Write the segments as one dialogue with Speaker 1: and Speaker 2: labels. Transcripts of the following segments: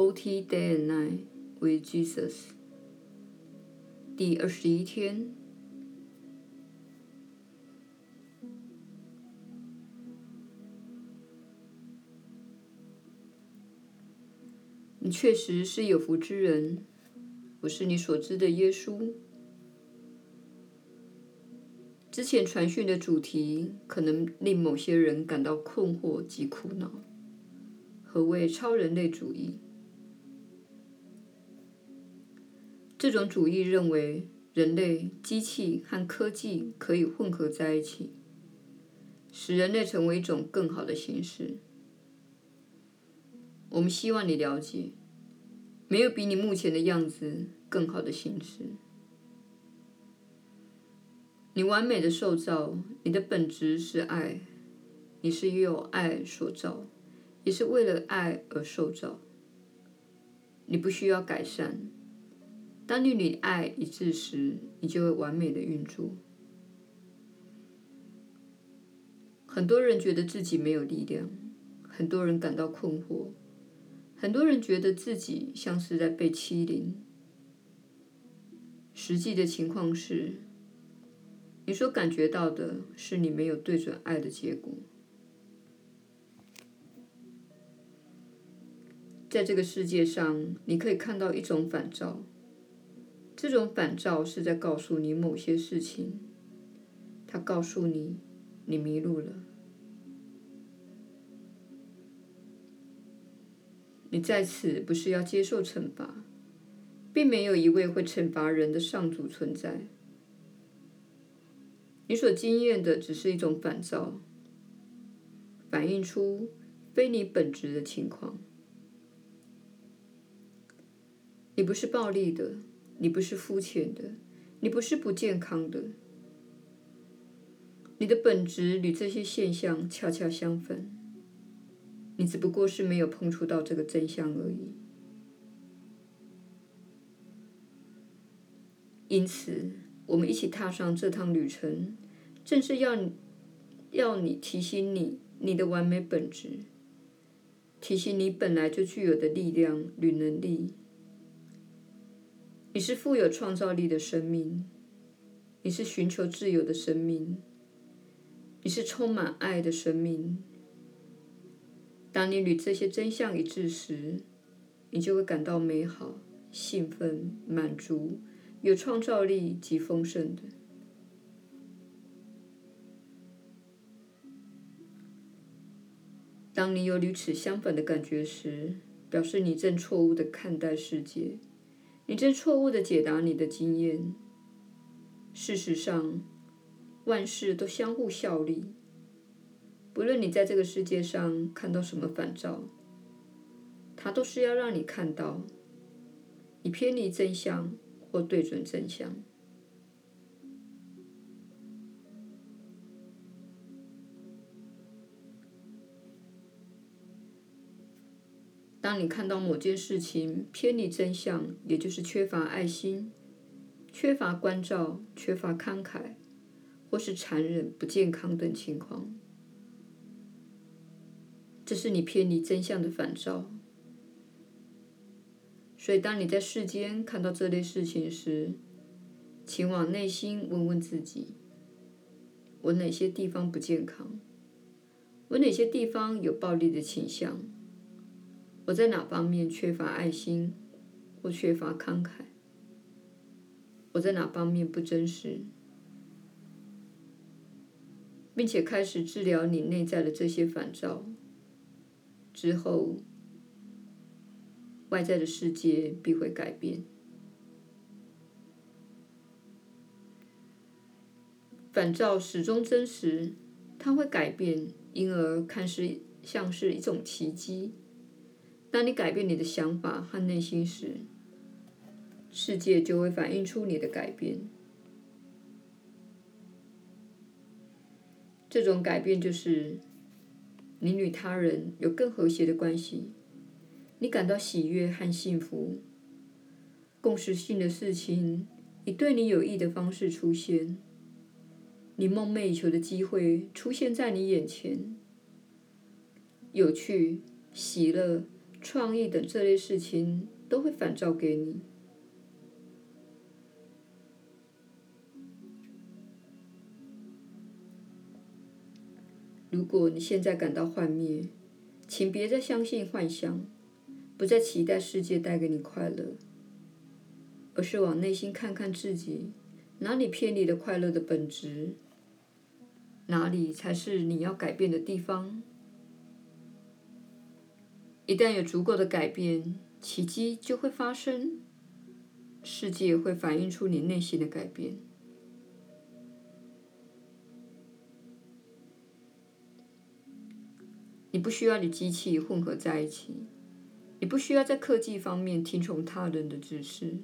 Speaker 1: 40 Day and Night with Jesus，第二十一天，你確實是有福之人，我是你所知的耶穌。之前傳訊的主題可能令某些人感到困惑及苦惱，何謂超人類主義？這種主義認為，人類、機器和科技可以混合在一起，使人類成為一種更好的形式。我們希望你了解，沒有比你目前的樣子更好的形式。你完美地受造，你的本質是愛，你是由愛所造，也是為了愛而受造。你不需要改善。當你與愛一致時，你就會完美地運作。很多人覺得自己沒有力量，很多人感到困惑，很多人覺得自己像是在被欺凌。實際的情況是，你所感覺到的是你沒有對準愛的結果。在這個世界上，你可以看到一種反照。這種反照是在告訴你某些事情，它告訴你，你迷路了。你在此不是要接受懲罰，並沒有一位會懲罰人的上主存在，你所經驗的只是一種反照，反映出非你本質的情況，你不是暴力的。你不是膚淺的，你不是不健康的，你的本質與這些現象恰恰相反，你只不過是沒有碰觸到這個真相而已。因此，我們一起踏上這趟旅程，正是要，要你提醒你，你的完美本質，提醒你本來就具有的力量與能力。你是富有創造力的生命，你是尋求自由的生命，你是充滿愛的生命。當你與這些真相一致時，你就會感到美好、興奮、滿足、有創造力及豐盛的。當你有與此相反的感覺時，表示你正錯誤地看待世界。你正錯誤地解讀你的經驗。事實上，萬事都相互效力。不論你在這個世界上看到什麼反照，它都是要讓你看到你偏離真相或對準真相。當你看到某件事情偏離真相，也就是缺乏愛心、缺乏關照、缺乏慷慨，或是殘忍、不健康等情況，這是你偏離真相的反照。所以，當你在世間看到這類事情時，請往內心問問自己：我哪些地方不健康？我哪些地方有暴力的傾向？我在哪方面缺乏愛心，或缺乏慷慨？我在哪方面不真實？並且開始治療你內在的這些反照之後，外在的世界必會改變。反照始終真實，它會改變，因而看似像是一種奇蹟。當你改變你的想法和內心時，世界就會反映出你的改變。這種改變就是你與他人有更和諧的關係，你感到喜悅和幸福，共時性的事情以對你有益的方式出現，你夢寐以求的機會出現在你眼前，有趣、喜樂。創意等這類事情都會反照給你。如果你現在感到幻滅，請別再相信幻相，不再期待世界帶給你快樂，而是往內心看看自己，哪裡偏離了快樂的本質，那裡才是你要改變的地方。一旦有足夠的改變，奇蹟就會發生。世界會反映出你內心的改變。你不需要與機器混合在一起，你不需要在科技方面聽從他人的指示。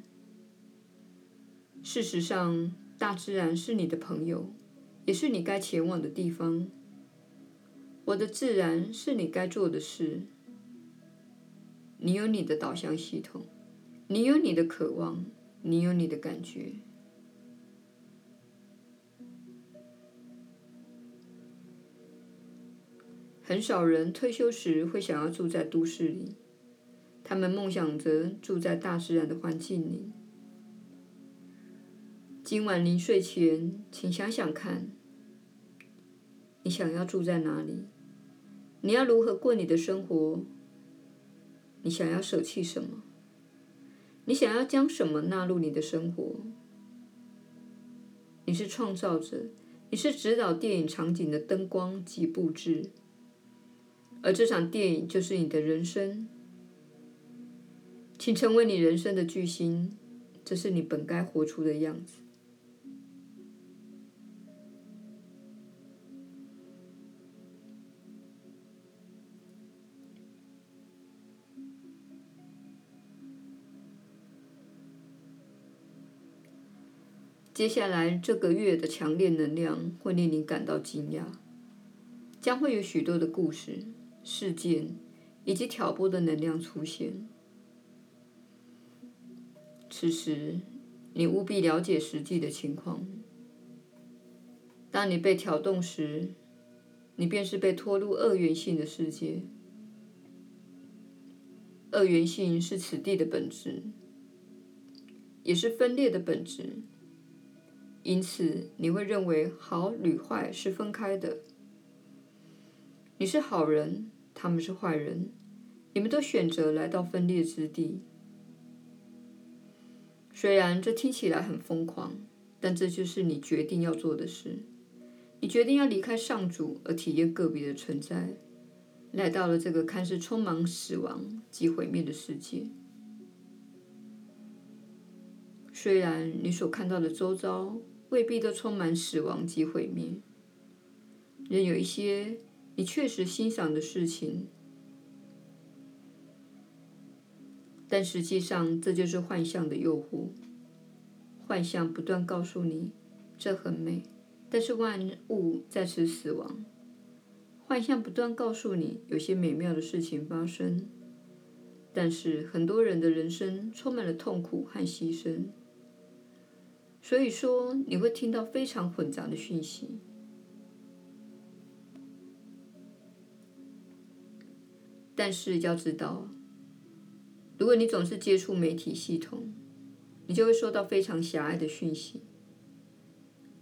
Speaker 1: 事實上，大自然是你的朋友，也是你該前往的地方。活得自然是你該做的事。你有你的導向系統，你有你的渴望，你有你的感覺。很少人退休時會想要住在都市裡，他們夢想着住在大自然的環境裡。今晚臨睡前，請想想看，你想要住在哪裡？你要如何過你的生活？你想要捨棄什麼？你想要將什麼納入你的生活？你是創造者，你是指導電影場景的燈光及布置，而這場電影就是你的人生。請成為你人生的巨星，這是你本該活出的樣子。接下來這個月的強烈能量會令你感到驚訝，將會有許多的故事、事件以及挑撥的能量出現。此時，你務必了解實際的情況。當你被挑動時，你便是被拖入二元性的世界。二元性是此地的本質，也是分裂的本質。因此，你會認為好與壞是分開的。你是好人，他們是壞人。你們都選擇來到分裂之地。雖然這聽起來很瘋狂，但這就是你決定要做的事。你決定要離開上主，而體驗個別的存在，來到了這個看似充滿死亡及毀滅的世界。雖然你所看到的周遭，未必都充滿死亡及毀滅，仍有一些你確實欣賞的事情，但實際上這就是幻相的誘惑。幻相不斷告訴你，這很美，但是萬物在此死亡。幻相不斷告訴你，有些美妙的事情發生，但是很多人的人生充滿了痛苦和犧牲。所以說，你會聽到非常混雜的訊息。但是要知道，如果你總是接觸媒體系統，你就會收到非常狹隘的訊息。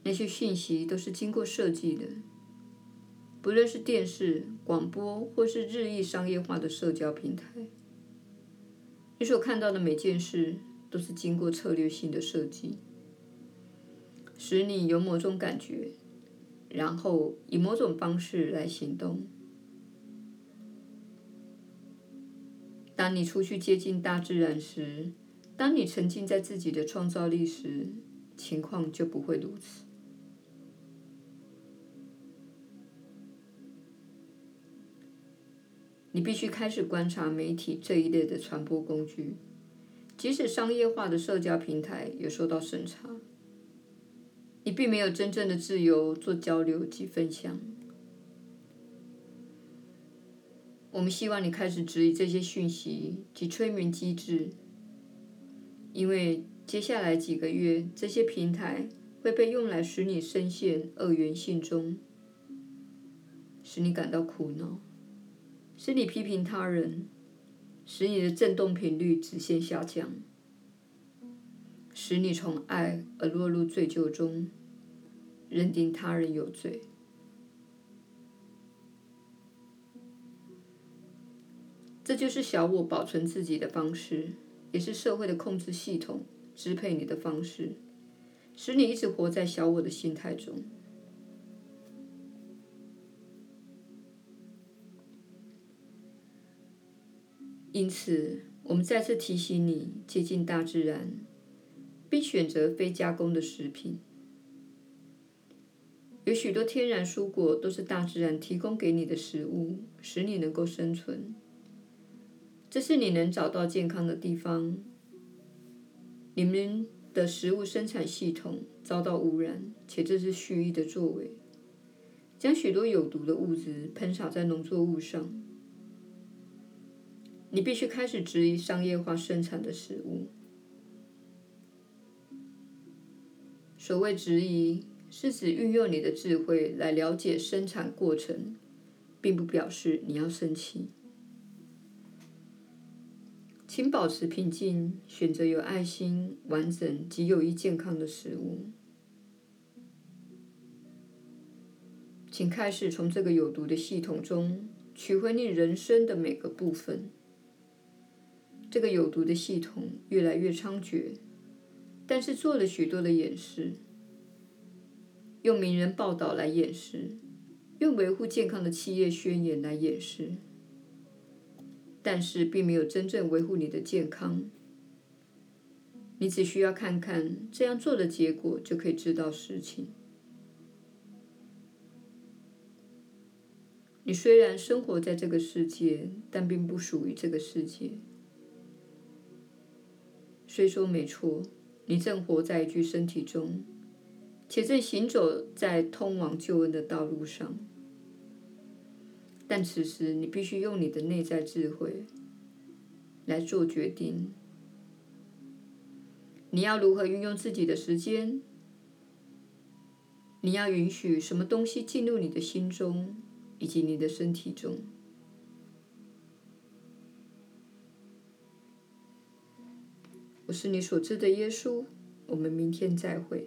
Speaker 1: 那些訊息都是經過設計的，不論是電視、廣播，或是日益商業化的社交平台，你所看到的每件事都是經過策略性的設計。使你有某種感覺，然後以某種方式來行動。當你出去接近大自然時，當你沉浸在自己的創造力時，情況就不會如此。你必須開始觀察媒體這一類的傳播工具，即使商業化的社交平台也受到審查。你並沒有真正的自由做交流及分享。我們希望你開始質疑這些訊息及催眠機制，因為接下來幾個月，這些平台會被用來使你深陷二元性中，使你感到苦惱，使你批評他人，使你的振動頻率直線下降。使你從愛而落入罪咎中，認定他人有罪。這就是小我保存自己的方式，也是社會的控制系統支配你的方式，使你一直活在小我的心態中。因此，我們再次提醒你，接近大自然。以選擇非加工的食品。有許多天然蔬果都是大自然提供給你的食物，使你能夠生存。這是你能找到健康的地方。你們的食物生產系統遭到污染，且這是蓄意的作為，將許多有毒的物質噴灑在農作物上。你必須開始質疑商業化生產的食物。所謂質疑，是指運用你的智慧來了解生產過程，並不表示你要生氣。請保持平靜，選擇有愛心、完整及有益健康的食物。請開始從這個有毒的系統中取回你人生的每個部分。這個有毒的系統越來越猖獗。但是做了許多的掩飾，用名人報道來掩飾，用維護健康的企業宣言來掩飾，但是並沒有真正維護你的健康。你只需要看看這樣做的結果，就可以知道事情。你雖然生活在這個世界，但並不屬於這個世界。雖說沒錯。你正活在一具身體中，且正行走在通往救恩的道路上。但此時，你必須用你的內在智慧來做決定。你要如何運用自己的時間？你要允許什麼東西進入你的心中以及你的身體中？我是你所知的耶穌。我們明天再會。